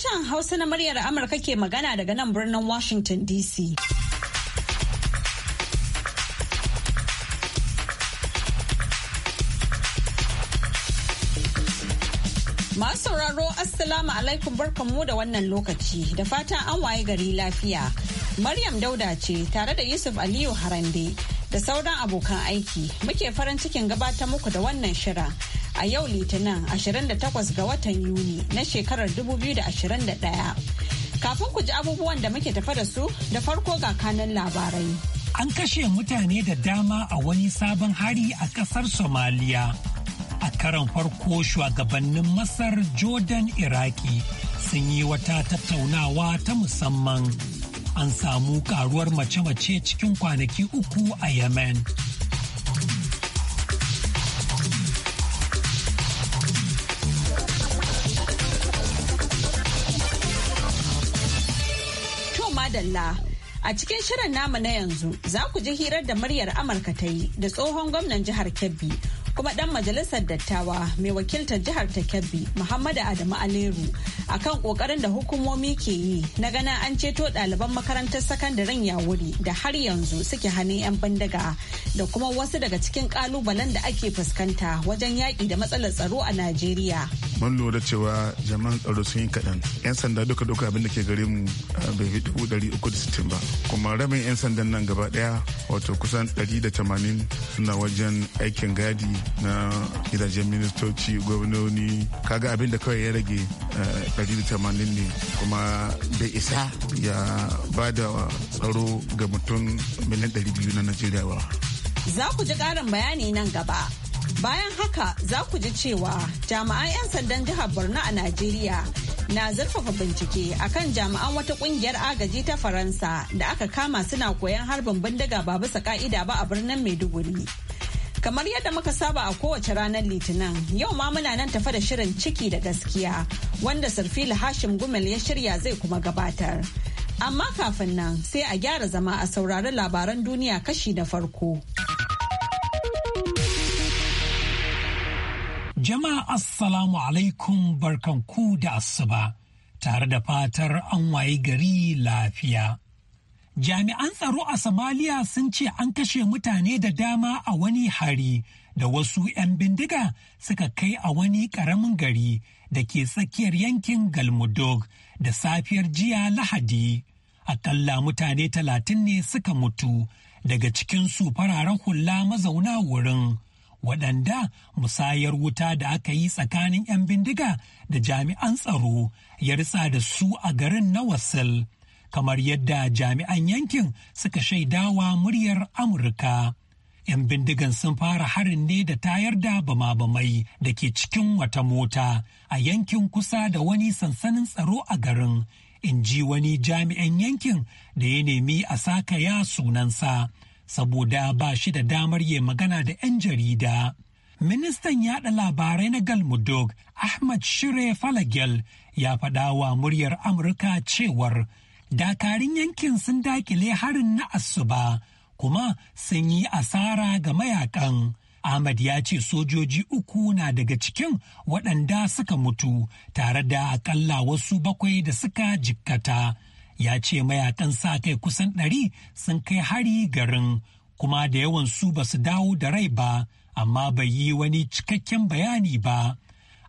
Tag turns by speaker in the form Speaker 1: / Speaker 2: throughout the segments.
Speaker 1: Sashen Hausa na muryar Amurka ke magana daga nan birnin Washington DC. Masu sauraro Assalamu alaikum barkanmu da wannan lokaci da fatan an waye gari lafiya. Maryam Dauda ce tare da Yusuf Aliyu Harande da sauran abokan aiki muke farin cikin gabatar muku da wannan shirin. a yau Litinin 28 ga watan Yuni na shekarar 2021. Kafin ku ji abubuwan da muke tafa da su da farko ga kanan labarai.
Speaker 2: An kashe mutane da dama a wani sabon hari a kasar Somaliya. A karan farko shugabannin Masar Jordan Iraki sun yi wata tattaunawa ta musamman. An samu karuwar mace-mace cikin kwanaki uku a Yemen.
Speaker 1: Allah. A cikin shirin namu na yanzu za ku ji hirar da muryar Amurka ta yi da tsohon gwamnan jihar Kebbi kuma ɗan majalisar dattawa mai wakiltar jihar ta Kebbi Muhammadu Adamu Aleru akan kokarin da hukumomi ke yi na gana an ceto ɗaliban makarantar sakandaren ya wuri da har yanzu suke hannun 'yan bindiga da kuma wasu daga cikin kalubalen da ake fuskanta wajen yaƙi da matsalar tsaro a najeriya
Speaker 3: mun lura cewa jama'an tsaro sun yi kaɗan 'yan sanda duka duka abin da ke gare mu bai fi dubu ɗari uku da sittin ba kuma rabin 'yan sandan nan gaba ɗaya wato kusan ɗari da tamanin suna wajen aikin gadi na gidajen ministoci gwamnoni kaga abin da kawai ya rage ne kuma bai isa ah. ya ba da tsaro ga mutum miliyan 200 na najeriya ba
Speaker 1: za ku ji ƙarin bayani nan gaba bayan haka za ku ji cewa jami'an 'yan sandan jihar borno a najeriya na zurfafa bincike a kan jami'an wata kungiyar agaji ta faransa da aka kama suna koyan harbin bindiga ba bisa ka'ida ba a birnin maiduguri Kamar yadda muka saba a kowace ranar Litinin, yau ma muna nan tafa da shirin ciki da gaskiya wanda Sarfila Hashim Gumel ya shirya zai kuma gabatar. Amma kafin nan sai a gyara zama a saurari labaran duniya kashi na farko.
Speaker 2: Jama'a Assalamu alaikum barkanku da asuba tare da fatar an waye gari lafiya. Jami'an tsaro a Somalia sun ce an kashe mutane da dama a wani hari da wasu 'yan bindiga suka kai a wani ƙaramin gari da ke tsakiyar yankin Galmudog da safiyar jiya Lahadi. Akalla mutane talatin ne suka mutu daga cikin su fararen hula mazauna wurin. waɗanda musayar wuta da aka yi tsakanin 'yan bindiga da jami'an tsaro ya ritsa da su a garin na wasil. kamar yadda jami'an yankin suka shaidawa muryar Amurka. 'Yan bindigan sun fara harin ne da tayar da bama-bamai da ke cikin wata mota a yankin kusa da wani sansanin tsaro a garin, in ji wani jami'an yankin da ya nemi a saka ya sunansa, saboda ba shi da damar ya magana da 'yan jarida. ministan yaɗa labarai na galmudug ahmad shire falagel ya faɗa wa muryar amurka cewar dakarun yankin sun dakile harin na asuba kuma sun yi asara ga mayakan ahmad ya ce sojoji uku na daga cikin waɗanda suka mutu tare da akalla wasu bakwai da suka jikkata ya ce mayakan sa kai kusan ɗari sun kai hari garin kuma da yawan su ba su dawo da rai ba amma bai yi wani cikakken bayani ba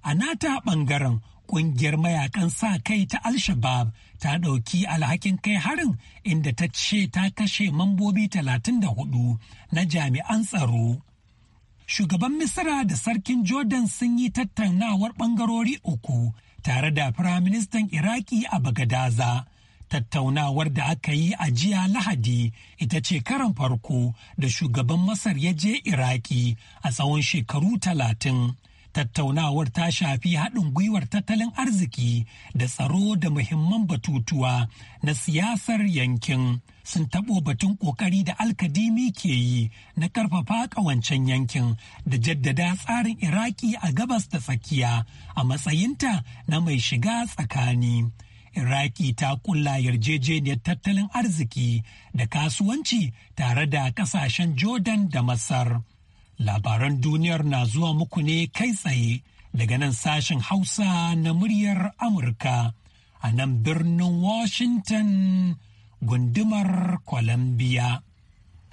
Speaker 2: a nata ɓangaren Ƙungiyar mayakan sa kai ta Al-Shabaab ta ɗauki alhakin kai harin inda ta ce ta kashe mambobi 34 na jami'an tsaro. Shugaban Misira da Sarkin Jordan sun yi tattaunawar ɓangarori uku tare da Firaministan Iraki a Bagadaza. tattaunawar da aka yi a jiya lahadi ita ce karan farko da shugaban masar ya je iraki a tsawon shekaru talatin tattaunawar ta shafi haɗin gwiwar tattalin arziki da tsaro da muhimman batutuwa na siyasar yankin sun taɓo batun ƙoƙari da alkadimi ke yi na ƙarfafa ƙawancen yankin da jaddada tsarin iraki a gabas da tsakiya a matsayinta na mai shiga tsakani iraki ta kulla yarjejeniyar tattalin arziki da kasuwanci tare da ƙasashen jordan da masar Labaran duniyar na zuwa muku ne kai tsaye daga nan sashen Hausa na muryar Amurka a nan birnin Washington gundumar Columbia.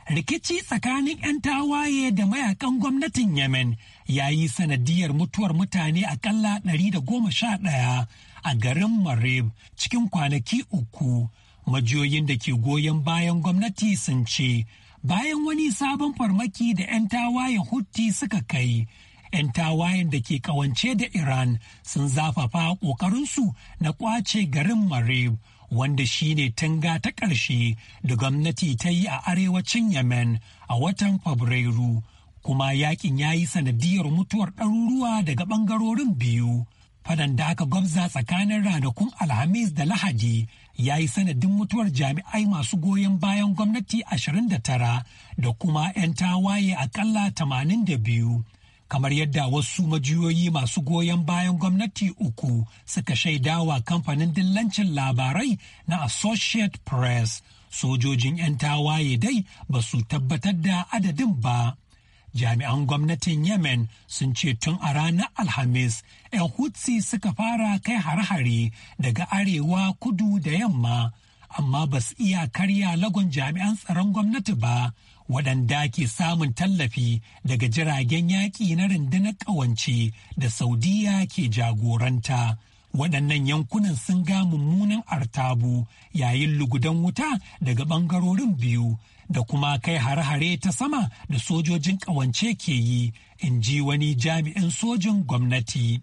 Speaker 2: Rikici tsakanin 'yan tawaye da mayakan gwamnatin Yemen ya yi sanadiyar mutuwar mutane akalla 111 a garin Marib cikin kwanaki uku. Majiyoyin da ke goyon bayan gwamnati sun ce bayan wani sabon farmaki da 'yan tawayen hutti suka kai 'yan tawayen da ke kawance da iran sun zafafa ƙoƙarinsu na ƙwace garin marib wanda shi ne tanga ta ƙarshe da gwamnati ta yi a arewacin yemen a watan fabrairu kuma yakin ya yi sanadiyar mutuwar ɗaruruwa daga ɓangarorin biyu fadan da aka gwamza tsakanin ranakun alhamis da lahadi ya yi sanadin mutuwar jami'ai masu goyon bayan gwamnati 29 da kuma 'yan tawaye akalla 82 kamar yadda wasu majiyoyi masu goyon bayan gwamnati uku suka shaidawa kamfanin dillancin labarai na associate press sojojin 'yan tawaye dai ba su tabbatar da adadin ba. jami'an gwamnatin yemen sun ce tun a ranar alhamis 'yan hutsi suka fara kai hare-hare daga arewa kudu da yamma amma ba su iya karya lagon jami'an tsaron gwamnati ba waɗanda ke samun tallafi daga jiragen yaƙi na rundunar ƙawance da saudiya ke jagoranta waɗannan yankunan sun ga mummunan artabu yayin lugudan wuta daga ɓangarorin biyu da kuma kai hare-hare ta sama da sojojin ƙawance ke yi in ji wani jami'in sojin gwamnati.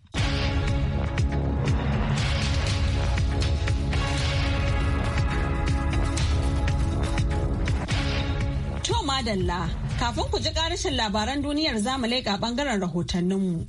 Speaker 1: To madalla, kafin ku ji ƙarashin labaran duniyar zamu leƙa ɓangaren rahotanninmu.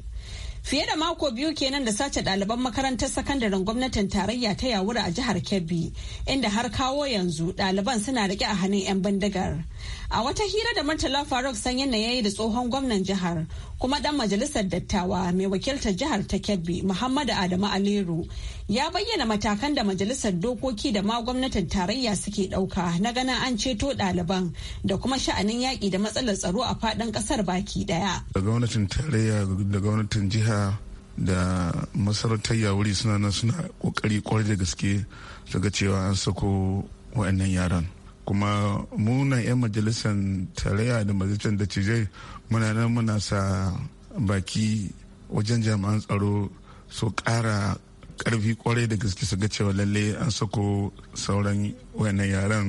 Speaker 1: Fiye da mako biyu kenan da sace ɗaliban makarantar sakandaren gwamnatin tarayya ta yawura a jihar Kebbi, inda har kawo yanzu ɗaliban suna rike a hannun 'yan bindigar. A wata hira da Murtala Faruk sanyin na yayi da tsohon gwamnan jihar kuma dan majalisar dattawa mai wakiltar jihar ta Kebbi Muhammadu Adamu Aliru ya bayyana matakan da majalisar dokoki da ma gwamnatin tarayya suke dauka na ganin an ceto ɗaliban da kuma sha'anin yaƙi da matsalar tsaro a faɗin ƙasar baki ɗaya.
Speaker 3: Da gwamnatin tarayya da gwamnatin jiha da masarautar wuri suna nan suna ƙoƙari kwarai da gaske daga cewa an sako waɗannan yaran. kuma muna 'yan majalisar tarayya da majalisar da dattijai muna nan muna sa baki wajen jami'an tsaro su ƙara ƙarfi kwarai da gaske su ga cewa lalle an sako sauran wayannan yaran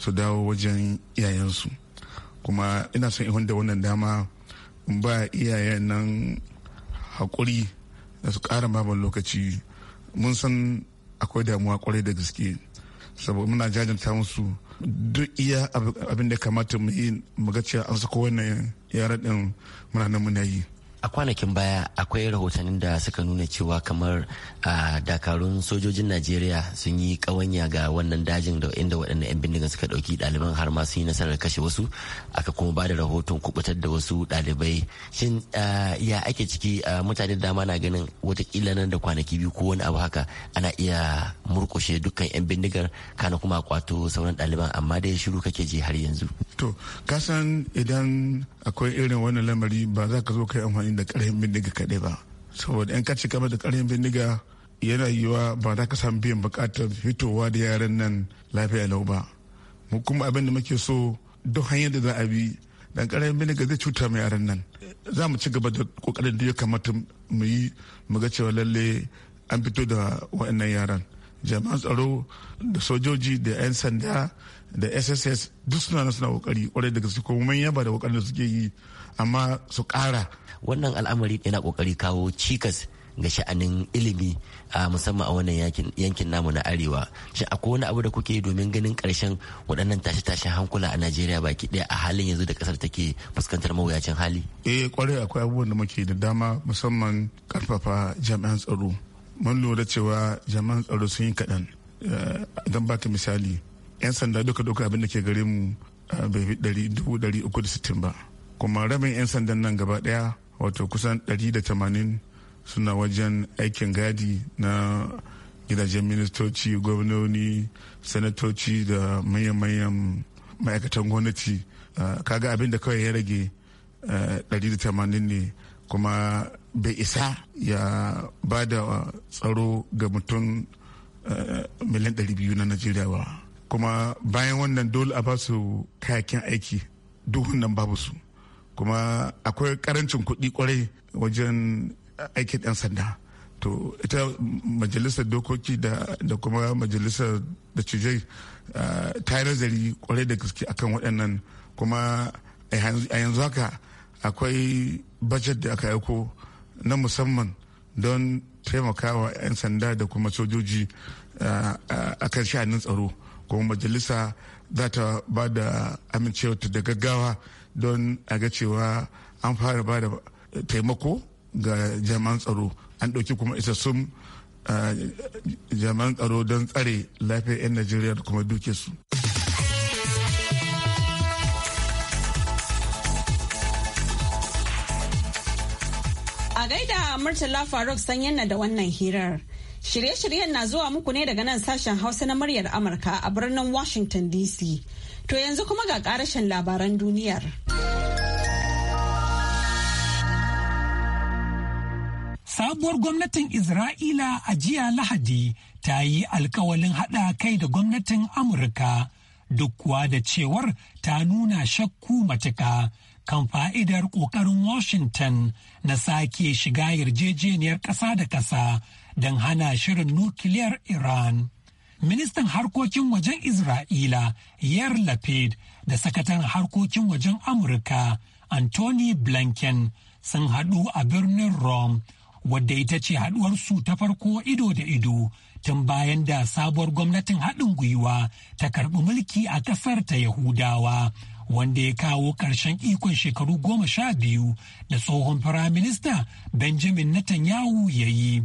Speaker 3: su dawo wajen iyayensu kuma ina son ihun da wannan dama ba iyayen nan haƙuri da su ƙara babban lokaci mun san akwai damuwa kwarai da gaske saboda muna jajanta musu duk iya abin da kamata mu yi mu ga cewa an sako wannan
Speaker 4: yaran din muna nan muna yi a kwanakin baya akwai rahotannin da suka nuna cewa kamar a dakarun sojojin najeriya sun yi kawanya ga wannan dajin da inda waɗannan 'yan bindigan suka ɗauki ɗaliban har ma sun yi nasarar kashe wasu aka kuma ba da rahoton kubutar da wasu ɗalibai shin ya ake ciki mutane dama na ganin watakila nan da kwanaki biyu ko wani abu haka ana iya murkushe dukkan 'yan bindigar kana kuma kwato sauran ɗaliban amma dai shiru kake ji har yanzu
Speaker 3: to kasan idan akwai irin wannan lamari ba za ka zo kai amfani da ƙarfin bindiga kaɗai ba saboda in ka kama da ƙarfin bindiga yana yiwa ba za ka samu biyan buƙatar fitowa da yaran nan lafiya lau ba mu kuma abin da muke so duk hanyar da za a bi dan ƙarfin bindiga zai cuta ma yaran nan za mu ci gaba da ƙoƙarin da ya kamata mu yi mu ga cewa lalle an fito da waɗannan yaran jami'an tsaro da sojoji da 'yan sanda da sss duk suna suna kokari kwarai da gaske kuma mun yaba da kokarin da suke yi amma su
Speaker 4: kara wannan al'amari yana kokari kawo cikas ga sha'anin ilimi a musamman a wannan yankin namu na arewa shi akwai wani abu da kuke domin ganin karshen waɗannan tashe-tashen hankula a najeriya baki ɗaya a halin yanzu da ƙasar take fuskantar mawuyacin hali eh
Speaker 3: kwarai akwai abubuwan da muke da dama musamman karfafa jami'an tsaro mun lura cewa jami'an tsaro sun yi kaɗan eh, don baka misali 'yan sanda duka duka abin da ke gare mu bai fi ɗari dubu ɗari uku da sittin ba kuma rabin 'yan sandan nan gaba ɗaya wato kusan 180 suna wajen aikin gadi na gidajen ministoci gwamnoni sanatoci da manyan-manyan ma'aikatan gwamnati ah, kaga abin da kawai ya rage 180 eh, ne kuma bai isa ya ba da tsaro ga mutum eh, miliyan 200 na najeriya ba kuma bayan wannan dole a ba su kayakin aiki duhun nan babu su kuma akwai karancin kuɗi kwarai wajen aikin 'yan sanda to ita majalisar dokoki da kuma majalisar da cijai ta yi nazari kwarai da gaske akan waɗannan kuma a yanzu haka akwai bajet da aka aiko na musamman don taimakawa 'yan sanda da kuma sojoji a kan sha'anin tsaro kuma majalisa za ta ba da amincewa da gaggawa don a ga cewa an fara ba da taimako ga jami'an tsaro an ɗauki kuma isassun uh, jami'an tsaro don tsare lafiyar 'yan najeriya da kuma duke su
Speaker 1: a gaida murtala faruk yana da wannan hirar Shirye-shiryen na zuwa muku ne daga nan sashen Hausa na muryar Amurka a birnin Washington DC. To yanzu kuma ga karashen labaran duniyar.
Speaker 2: Sabuwar gwamnatin Isra'ila a jiya Lahadi ta yi alkawalin haɗa kai da gwamnatin Amurka duk kuwa da cewar ta nuna shakku matuka kan fa'idar ƙoƙarin Washington na sake shiga yarjejeniyar ƙasa da ƙasa. don hana shirin nukiliyar Iran. Ministan harkokin wajen Isra'ila Yair Lapid da sakataren harkokin wajen Amurka Anthony Blinken sun haɗu a birnin Rome wadda ita ce haɗuwarsu ta farko ido da ido tun bayan da sabuwar gwamnatin haɗin gwiwa ta karɓi mulki a ƙasar ta Yahudawa. wanda ya kawo ƙarshen ikon shekaru goma sha biyu da tsohon firaminista benjamin netanyahu ya yi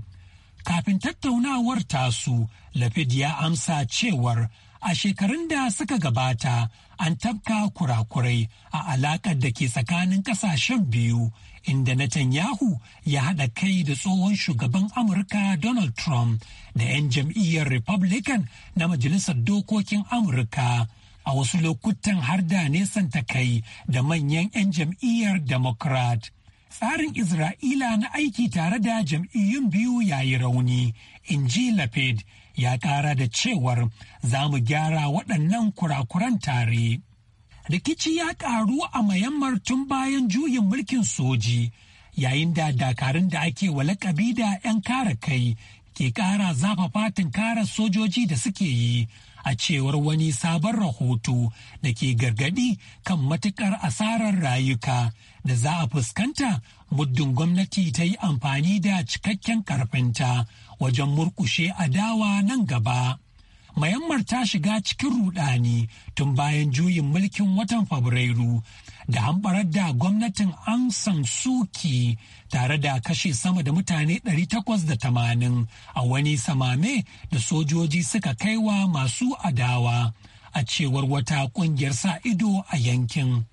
Speaker 2: Kafin tattaunawar tasu, Lafid ya amsa cewar a shekarun da suka gabata an tabka kurakurai a alakar da ke tsakanin kasashen biyu inda Netanyahu ya haɗa kai da tsohon shugaban Amurka Donald Trump da 'yan jam'iyyar Republican na Majalisar Dokokin Amurka. A wasu lokutan har da nesanta kai da manyan 'yan jam'iyyar Democrat. tsarin Isra'ila na aiki tare da jam'iyyun biyu yayi rauni, in ji Lapid ya ƙara da cewar za mu gyara waɗannan kurakuran tare. Rikici ya ƙaru a mayammar tun bayan juyin mulkin soji, yayin da dakarun da ake wa lakabi da 'yan kare kai ke ƙara zafa zafafa kara sojoji da suke yi. a cewar wani sabon rahoto da ke gargadi kan matukar asarar rayuka da za a fuskanta muddin gwamnati ta yi amfani da cikakken karfinta wajen murkushe adawa nan gaba. Mayammar ta shiga cikin rudani tun bayan juyin mulkin watan Fabrairu da hamɓarar da gwamnatin an Suki tare da kashe sama da mutane 880 a wani samame da sojoji suka kaiwa masu adawa a cewar wata ƙungiyar sa ido a yankin.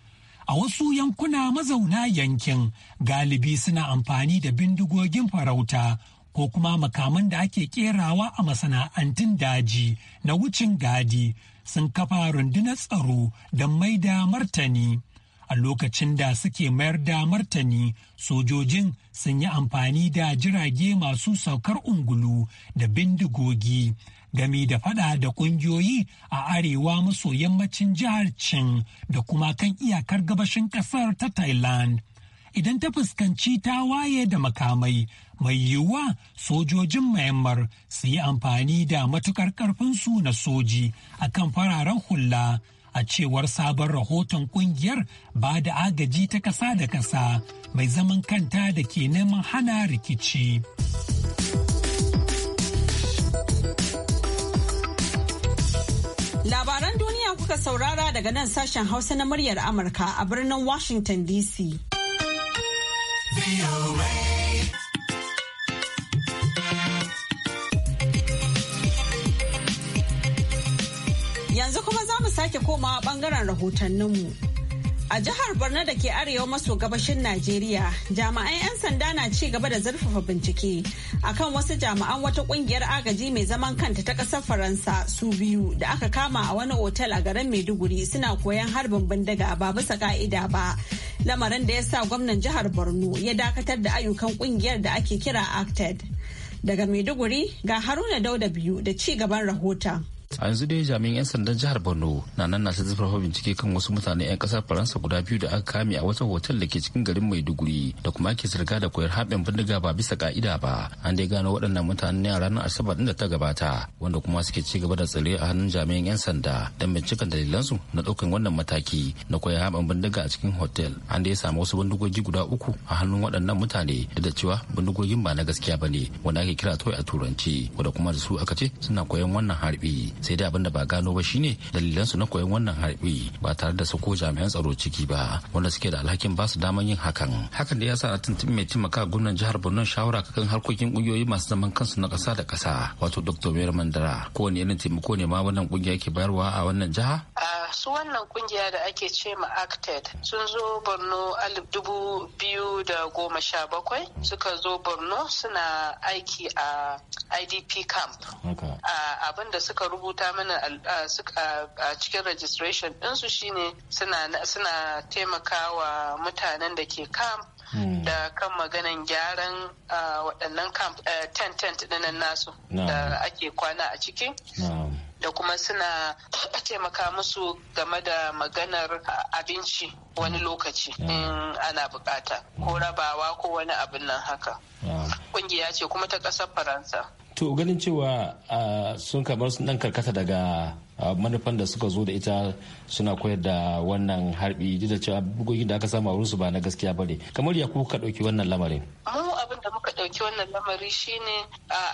Speaker 2: A wasu yankuna mazauna yankin galibi suna amfani da bindigogin farauta ko kuma makaman da ake kerawa a masana'antun daji na wucin gadi sun kafa rundunar tsaro don mai da martani. A lokacin da suke mayar da martani, sojojin sun yi amfani da jirage masu saukar ungulu da bindigogi gami da fada da kungiyoyi a arewa maso yammacin jihar Chin da kuma kan iyakar gabashin kasar ta Thailand. Idan ta fuskanci ta waye da makamai mai yiwuwa sojojin Myanmar su yi amfani da matukar su na soji a kan fararen hula a cewar sabon rahoton kungiyar ba da agaji ta kasa da kasa mai zaman kanta da ke neman hana rikici.
Speaker 1: kuka saurara daga nan sashen Hausa na muryar Amurka a birnin Washington DC. Yanzu kuma za mu sake komawa bangaren rahotanninmu. A jihar Borno da ke arewa maso gabashin Najeriya, jami'an 'yan sanda na ci gaba da zurfafa bincike akan wasu jami'an wata kungiyar agaji mai zaman kanta ta ƙasar Faransa su biyu da aka kama a wani otel a garin Maiduguri suna koyan harbin bindiga ba bisa ka'ida ba. Lamarin da ya sa gwamnan jihar Borno ya dakatar da ayyukan kungiyar da ake kira Acted. Daga Maiduguri ga Haruna Dauda biyu da ci gaban rahoton.
Speaker 4: a yanzu dai jami'an 'yan sandan jihar borno na nan na zurfafa bincike kan wasu mutane 'yan kasar faransa guda biyu da aka kame a wata hotel da ke cikin garin maiduguri da kuma ake zirga da koyar haɓin bindiga ba bisa ka'ida ba an dai gano waɗannan mutane ne a ranar asabar da ta gabata wanda kuma suke ci gaba da tsare a hannun jami'an 'yan sanda don dalilan su na ɗaukan wannan mataki na koyar haɓin bindiga a cikin hotel an dai samu wasu bindigogi guda uku a hannun waɗannan mutane da da cewa bindigogin ba na gaskiya ba ne wanda ake kira toy a turanci wanda kuma da su aka ce suna koyan wannan harbi sai dai abin ba gano ba shine dalilan su na koyon wannan harbi ba tare da sako jami'an tsaro ciki ba wanda suke da alhakin ba su daman yin hakan hakan da ya sa tuntun mai taimaka gwamnan jihar Borno shawara kan harkokin kungiyoyi masu zaman kansu na kasa da kasa wato Dr. Mayar Mandara kowane irin taimako ne ma wannan kungiya ke bayarwa a wannan jiha
Speaker 5: su wannan kungiya da ake ce ma acted sun zo borno alif dubu biyu da goma sha bakwai suka zo borno suna aiki a idp camp abin da suka rubuta mana a cikin registration ɗinsu shine suna taimakawa mutanen da ke camp hmm. da kan maganan gyaran waɗannan camp eh, tent tent ɗinan nasu da ake kwana a ciki da kuma suna taimaka musu game da maganar abinci wani lokaci in ana bukata ko rabawa ko wani abin nan haka kungiya ce kuma ta ƙasar faransa
Speaker 4: to ganin cewa sun kamar sun dan karkata daga manufan da suka zo da ita suna koyar da wannan harbi duk da cewa bugogin da aka samu a su ba na gaskiya ba ne kamar ya kuka ɗauki wannan lamarin
Speaker 5: mu abin da muka ɗauki wannan lamari shine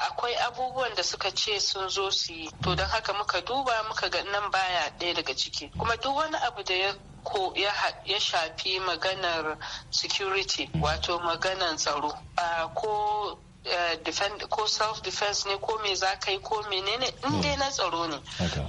Speaker 5: akwai abubuwan da suka ce sun zo su yi to don haka muka duba muka ga nan baya ɗaya daga ciki kuma duk wani abu da ya ko ya shafi maganar security wato maganar tsaro ko Eh, ko self defense ne ko me za ka yi ko menene in dai na tsaro ne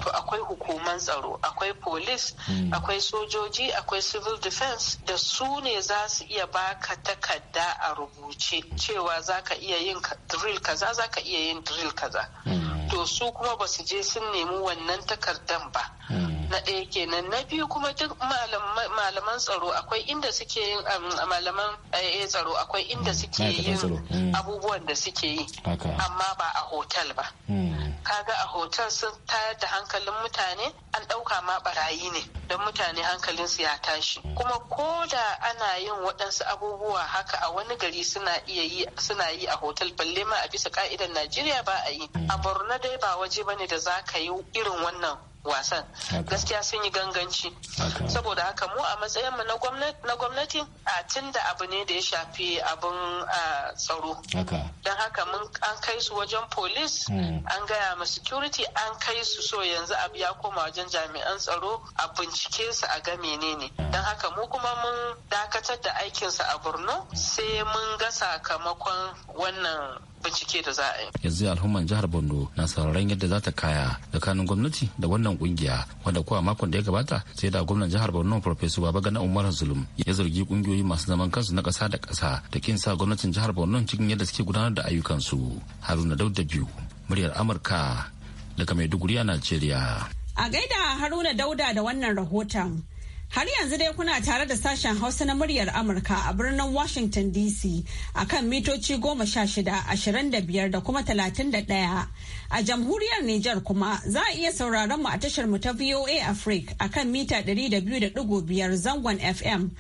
Speaker 5: to akwai hukuman tsaro akwai police hmm. akwai sojoji akwai civil defense da su ne za su iya baka takarda a rubuce cewa za ka iya yin drill kaza za ka iya yin drill kaza hmm. to su kuma ba su je sun nemi wannan takardan ba hmm. na ɗaya kenan na biyu kuma duk malaman tsaro akwai inda suke yin um, malaman eh, tsaro akwai inda mm. suke yin mm. abubuwan da suke yi amma ba a hotel ba mm. kaga a hotel sun tayar da hankalin mutane an ɗauka ma barayi ne don mutane hankalin su ya tashi kuma ko da ana yin waɗansu abubuwa haka a wani gari suna iya yi suna yi a hotel balle ma a bisa ka'idar najeriya ba a yi a borno dai ba waje bane da za ka yi irin wannan wasan gaskiya sun yi ganganci saboda haka mu a matsayin mu na gwamnati a tun da abu ne da ya shafi abin tsaro don haka mun an kai su wajen polis hmm. an gaya ma security an kai su so yanzu abu ya koma wajen jami'an tsaro a bincike su a ga menene hmm. don haka mu kuma mun dakatar da aikinsa a borno sai mun ga sakamakon wannan bincike da za a yi.
Speaker 4: Yanzu al'umman jihar Borno na sauraron yadda za ta kaya tsakanin gwamnati da wannan kungiya wanda kuwa makon da ya gabata sai da gwamnan jihar Borno Professor Babagana Umar Zulum ya zargi kungiyoyi masu zaman kansu na kasa da kasa da kin sa gwamnatin jihar Borno cikin yadda suke gudanar da ayyukansu. Haruna Dauda biyu muryar Amurka daga Maiduguri a Najeriya.
Speaker 1: A gaida Haruna Dauda da wannan rahoton. Har yanzu dai kuna tare da sashen Hausa na muryar Amurka a birnin Washington DC a kan mitoci goma sha shida, ashirin da biyar da kuma talatin da ɗaya. A jamhuriyar Nijar kuma za a iya sauraron mu a tashar mu ta VOA Africa a kan mita ɗari da biyu da ɗigo biyar zangon FM.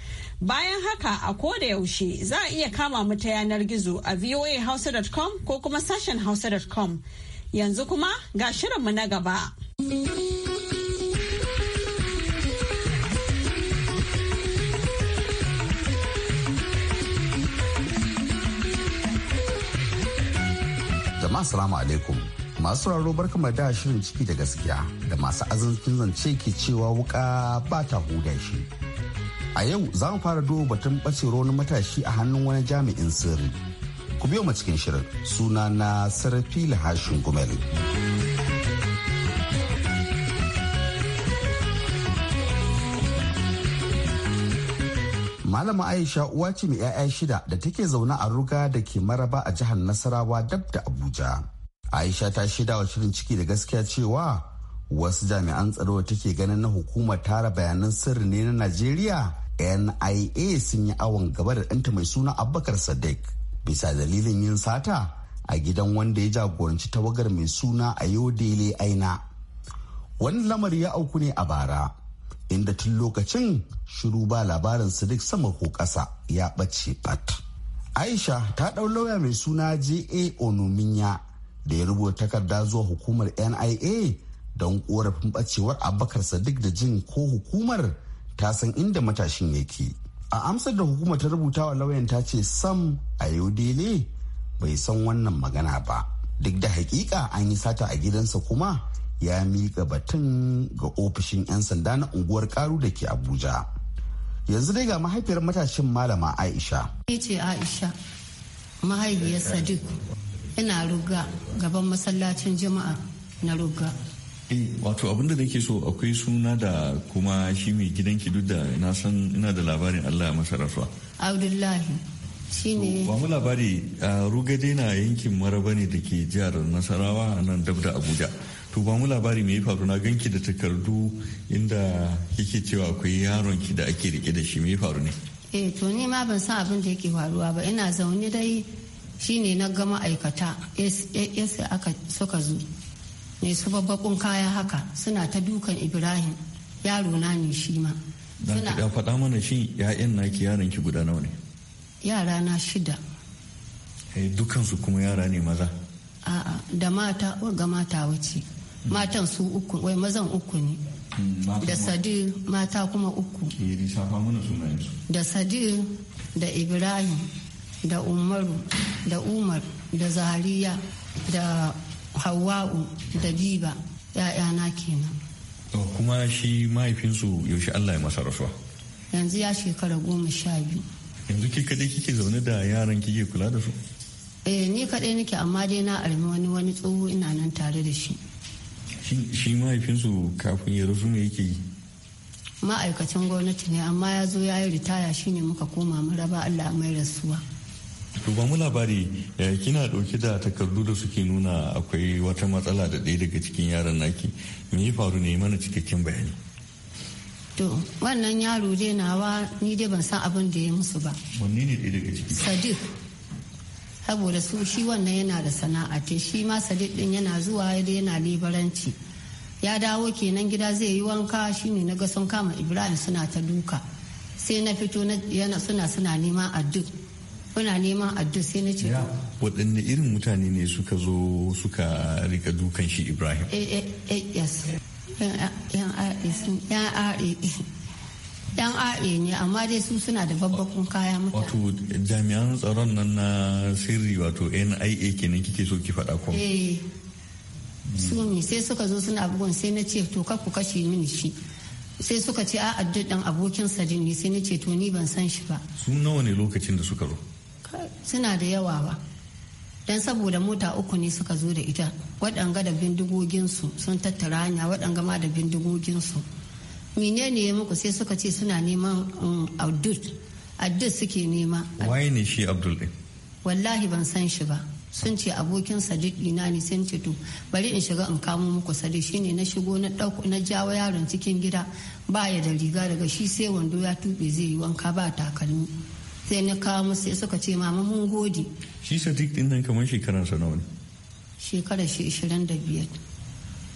Speaker 1: Bayan haka a koda yaushe za a iya kama mu ta yanar gizo a voahausa.com ko kuma sashen hausa.com. Yanzu kuma ga shirinmu na gaba.
Speaker 6: jama'a salamu alaikum masu raro barkama da shirin ciki da gaskiya da masu azancin zance ke cewa wuka ba ta huda shi a yau za mu fara duba batun bacewar wani matashi a hannun wani jami'in sirri ku biyo mu cikin shirin suna na sarrafi hashin gumel. Malama Aisha uwa ce mai 'ya'ya shida da take zaune a ruga da ke maraba a jihar Nasarawa dab da Abuja. Aisha ta shaida wa shirin ciki da gaskiya cewa wasu jami'an tsaro da take ganin na hukumar tara bayanan sirri ne na Najeriya NIA sun yi awon gaba da ɗanta mai suna Abubakar Sadiq bisa dalilin yin sata a gidan wanda ya jagoranci tawagar mai suna Ayodele Aina. Wani lamari ya auku ne a bara. inda tun lokacin shiru ba labarin Sadiq sama ko ƙasa ya ɓace bat. Aisha ta ɗau lauya mai suna J.A. Onominya da ya rubuta takarda zuwa hukumar NIA don korafin ɓacewar Abubakar Sadiq da jin ko hukumar ta san inda matashin yake. A amsar da hukumar ta rubuta wa lauyan ta ce Sam a Ayodele bai san wannan magana ba. Duk da hakika an yi sata a gidansa kuma ya mika batun ga ofishin 'yan sanda na unguwar karu da ke abuja yanzu dai ga mahaifiyar matashin malama aisha
Speaker 7: ni ce aisha mahaifiyar sadiq ina ruga gaban masallacin jama'a na ruga
Speaker 8: eh, wato abin da nake so akwai suna da kuma shi mai gidanki duk da na san ina da labarin Allah ya masa rasuwa.
Speaker 7: Abdullahi ba mu
Speaker 8: labari ruga na yankin maraba ne da ke jihar Nasarawa nan dab da Abuja. to ba mu labari mai faru na ganki da takardu inda kike cewa akwai yaron ki da ake rike da shi mai faru ne
Speaker 7: eh to ni ma ban san abin da yake faruwa ba ina zaune dai shine na ga ma'aikata yes aka suka zo ne su babbakun kaya haka suna ta dukan ibrahim yaro na ne shi ma suna da
Speaker 8: faɗa mana shin ya'yan naki yaron ki guda nawa ne
Speaker 7: yara na shida
Speaker 8: eh, dukansu kuma yara ne maza
Speaker 7: a'a da mata ga mata wuce matan su uku wai mazan uku ne hmm, da sadir mata kuma uku eh, da sadir da ibrahim da umaru da umar da zariya da hawa'u da biba ya'yana kenan
Speaker 8: kuma shi mahaifinsu yaushe allah ya masa rasuwa
Speaker 7: yanzu ya shekara goma sha biyu
Speaker 8: yanzu ke kadai kike zaune da yaran kike kula da su
Speaker 7: eh ni kadai nake amma dai na armi wani wani tsoho ina nan tare da shi
Speaker 8: shi mahaifinsu kafin ya rasu me yake yi
Speaker 7: ma'aikacin gwamnati ne amma ya zo ya yi ritaya shi ne muka koma mu raba allah mai rasuwa
Speaker 8: to ba mu labari kina dauke da takardu da suke nuna akwai wata matsala da ɗaya daga cikin yaran naki me ya faru ne mana cikakken bayani
Speaker 7: to wannan yaro dai nawa ni dai ban san abin da ya musu ba
Speaker 8: wanne ne ɗaya daga ciki
Speaker 7: sadiq saboda su shi wannan yana da sana'a ce shi ma sadiq din yana zuwa yana lebaranci ya dawo kenan gida zai yi wanka shine na ga sun kama ibrahim suna ta duka sai na fito yana suna suna neman addu kuna neman addu sai na ce
Speaker 8: waɗanne irin mutane ne suka zo suka rika dukan shi ibrahim
Speaker 7: eh eh yes yan yan yan ae ne amma dai su suna da babbakun kaya mutane
Speaker 8: wato jami'an tsaron nan na sirri wato nia kenan kike so ki faɗa ko eh,
Speaker 7: su ne sai suka zo suna bugun sai na ce to ku kashe mini shi sai suka ce a duk dan abokin sadin ne sai na ce to ni ban san shi ba
Speaker 8: su nawa ne lokacin da suka zo
Speaker 7: suna da yawa ba dan saboda mota uku ne suka zo da ita waɗanga da bindigoginsu sun tattara hanya waɗanga ma da bindigoginsu mine ya muku sai suka ce suna neman um, abdul abdul suke nema
Speaker 8: waye ne shi abdul din
Speaker 7: wallahi ban san shi ba sun ce abokin sadiq ina ne sun ce to bari in shiga in kamo muku sadiq shine na shigo na dauko na jawo yaron cikin gida ba ya da riga daga shi sai wando ya tube zai yi wanka ba takalmi sai na kawo musu sai suka ce mama mun gode
Speaker 8: shi sadiq din nan kamar shekaransa nawa ne
Speaker 7: shekara shi 25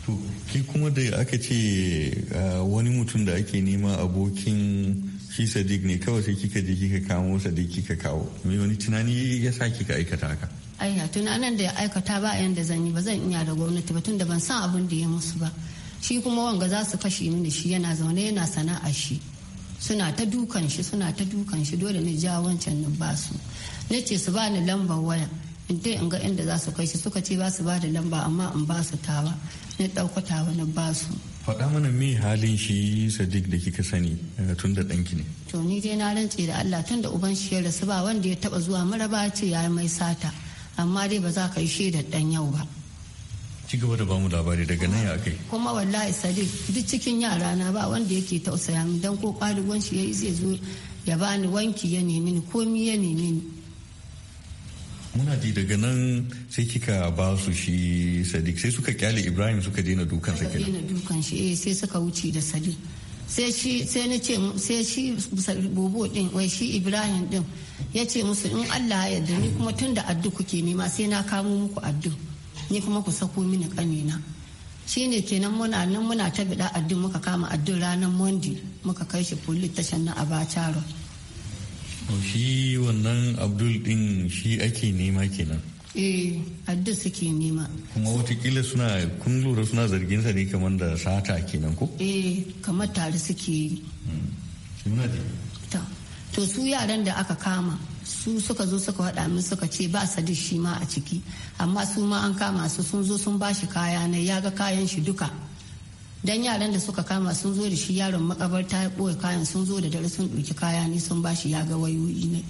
Speaker 8: To, ki kuma da aka ce wani mutum da ake nema abokin shi sadiq ne kawai sai kika je kika kamo sadiq kika kawo. Me wani tunani ya sa kika aikata haka?
Speaker 7: Aiya, tunanin da ya aikata ba yanda zan yi ba zan iya da gwamnati ba tun da ban san abin da ya musu ba. shi kuma wanga za su kashe mini shi yana zaune yana sana'a shi suna ta dukan shi suna ta dukan shi dole ne ja wancan nan ba su na ce su bani lambar waya in in ga inda za su kai shi suka ce ba su ba da lamba amma in ba su tawa ne daukatawa na ba su.
Speaker 8: faɗa mana me halin shi sadiq da kika sani eh, tun da ɗanki ne.
Speaker 7: to ni dai na rantse da allah tun da uban shi ya rasu ba wanda ya taba zuwa maraba ce ya mai sata amma dai ba za ka yi shaidar ɗan yau ba.
Speaker 8: ci gaba da mu labari daga nan ya kai
Speaker 7: kuma wallahi sadiq duk cikin yara na ba wanda yake tausaya min dan ko kwadugon shi yi zai zo ya bani wanki ya nemi ni komi ya nemi ni
Speaker 8: muna ji daga nan sai kika ba su shi sadiq sai suka kyale ibrahim suka daina dukan sa kenan daina
Speaker 7: dukan shi eh sai suka wuce da sadiq sai shi sai na ce sai shi bobo din wai shi ibrahim din ya ce musu in allah ya yarda ni kuma tun da addu kuke nema sai na kamo muku addu ni kuma ku sako mini kanina shine kenan muna nan muna ta bida addu muka kama addu ranar monday muka kai shi police station na abacharo
Speaker 8: shi wannan abdul din shi ake nema kenan
Speaker 7: eh adda suke nema
Speaker 8: kuma watakila suna kun lura suna zargin sa ne kamar da sata kenan ko
Speaker 7: eh kamar tare suke yi
Speaker 8: hmm.
Speaker 7: to su yaran da aka kama su suka zo suka faɗa min suka ce ba da shi ma a ciki amma su ma an kama su sun zo sun ba shi kaya na ya ga kayan shi duka dan yaran da suka kama sun zo da shi yaron makabarta ya ɓoye kayan sun zo da dare sun ɗauki kaya ne sun ba shi ya ga wayoyi ne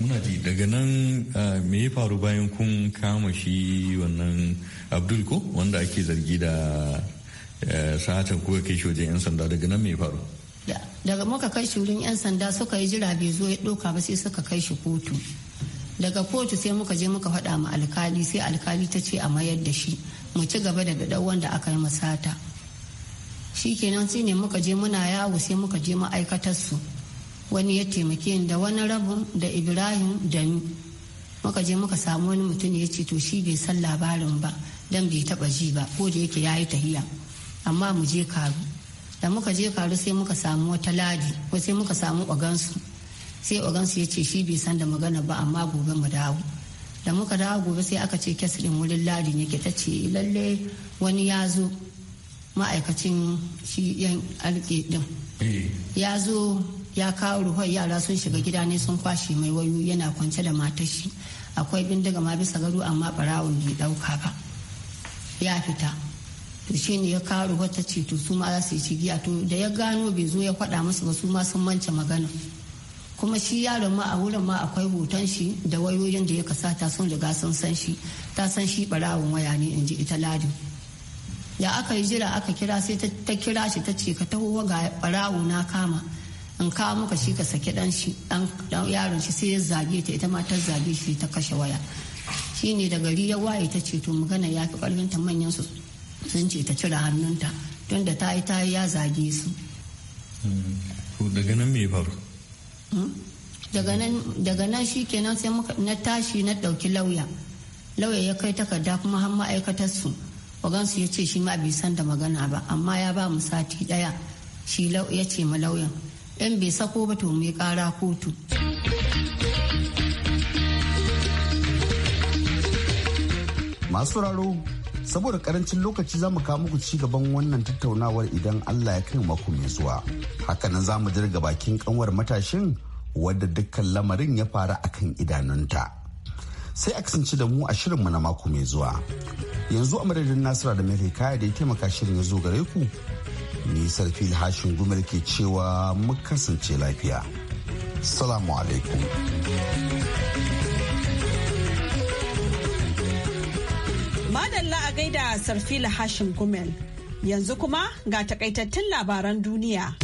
Speaker 8: muna ji daga nan me ya faru bayan kun kama shi wannan abdul ko wanda ake zargi da satan kuka kai shi wajen 'yan sanda daga nan me ya faru
Speaker 7: daga muka kai shi wurin 'yan sanda suka yi jira bai zo ya ɗauka ba sai suka kai shi kotu daga kotu sai muka je muka faɗa ma alkali sai alkali ta ce a mayar da shi mu ci gaba da daɗau wanda aka yi masata shi kenan sai ne muka je muna yawo sai muka je ma'aikatar su wani ya taimake ni da wani rabin da ibrahim da ni muka je muka samu wani mutum ya ce to shi bai san labarin ba dan bai taba ji ba ko da yake yayi tahiya amma mu je karu da muka je karu sai muka samu wata ladi ko sai muka samu ogansu sai ogansu ya ce shi bai san da magana ba amma gobe mu dawo da muka dawo gobe sai aka ce kes din wurin ladi yake ta ce lalle wani ya zo ma'aikacin shi yan alƙe din eh. ya zo ya kawo ruhon yara sun shiga gida ne sun kwashe mai wayo yana kwance da matar shi akwai bindiga ma bisa gado amma barawon bai dauka ba ya fita to shi ne ya kawo ruhon ta ce to su ma za su yi cigiya to da ya gano bai zo ya faɗa musu ba su ma sun mance magana kuma shi yaron ma a wurin ma akwai hoton shi da wayoyin da ya ta sun riga sun san shi ta san shi barawon waya ne in ji ita ladin da aka yi jira aka kira sai ta kira shi ta ce ka taho ga barawo na kama in kawo maka shi ka saki dan shi dan yaron shi sai ya zage ta ita ma ta zage shi ta kashe waya shine da gari ya waye ta ce to magana ya fi karfin ta manyan su sun ce ta cire hannunta don da ta yi ta ya zage su
Speaker 8: daga nan me faru
Speaker 7: hmm? daga nan shi kenan sai na tashi na dauki lauya lauya ya kai takarda kuma har ma'aikatar su wagansu ya ce shi ma bai san da magana ba amma ya ba mu sati daya shi ya ce ma lauyan in bai sako ba to mai kara kotu
Speaker 6: masu raro saboda karancin lokaci za mu kawo muku ci gaban wannan tattaunawar idan Allah ya kai maku mai zuwa. Hakanan za mu jirga bakin kanwar matashin wadda dukkan lamarin ya faru kan idanunta. Sai a kasance da mu a shirinmu na mako mai zuwa. Yanzu a madadin Nasira da Mai da ya taimaka shirin ya zo gare ku Ni sarfi hashin gumel ke cewa mu kasance lafiya. Salamu alaikum.
Speaker 1: Madalla a gaida sarfi hashin gumel. Yanzu kuma ga takaitattun labaran duniya.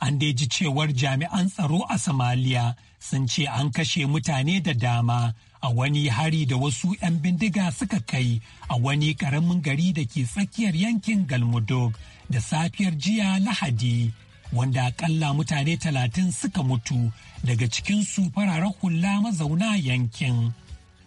Speaker 2: An daji cewar jami'an tsaro a Somalia sun ce an kashe mutane da dama a wani hari da wasu 'yan bindiga suka kai a wani ƙaramin gari da ke tsakiyar yankin galmudog da safiyar jiya lahadi wanda akalla mutane talatin suka mutu daga cikinsu fararen hula mazauna yankin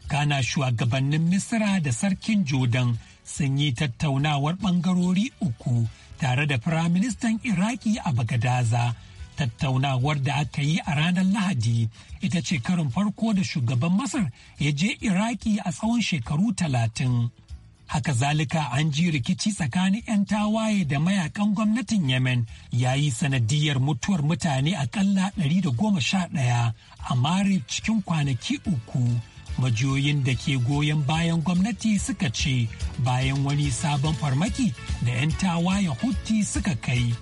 Speaker 2: kana shugabannin Misira da sarkin Jodan sun yi tattaunawar ɓangarori uku tare da firaministan iraki a bagadaza tattaunawar da aka yi a ranar lahadi ita ce karin farko da shugaban masar ya je iraki a tsawon shekaru talatin haka zalika an ji rikici tsakanin 'yan tawaye da mayakan gwamnatin yemen ya yi sanadiyar mutuwar mutane akalla 111 a mari cikin kwanaki uku majiyoyin da ke goyon bayan gwamnati suka ce bayan wani sabon farmaki da 'yan tawaye hutti suka kai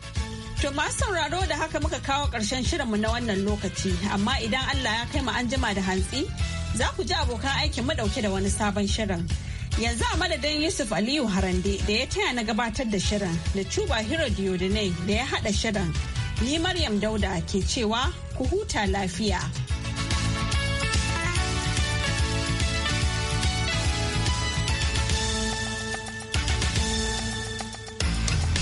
Speaker 2: To masu sauraro da haka muka kawo ƙarshen shirinmu na wannan
Speaker 1: lokaci, amma idan Allah ya kai mu an jima da hantsi, za ku ji abokan aikin mu ɗauke da wani sabon shirin. Yanzu a madadin Yusuf Aliyu Harande da ya taya na gabatar da shirin da Cuba Hiro Diodine da ya haɗa shirin. Ni Maryam Dauda ke cewa ku huta lafiya.